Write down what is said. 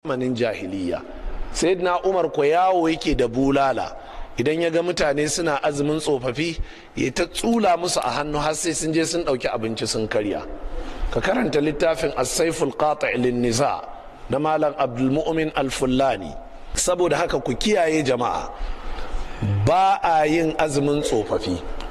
zamanin jahiliya na umar ko yawo yake da bulala idan ya ga mutane suna azumin tsofaffi ya ta tsula musu a hannu har sai sun je sun ɗauki abinci sun karya ka karanta littafin Asaiful saiful Nisa niza na malam abdulmu'min al saboda haka ku kiyaye jama'a ba a yin azumin tsofaffi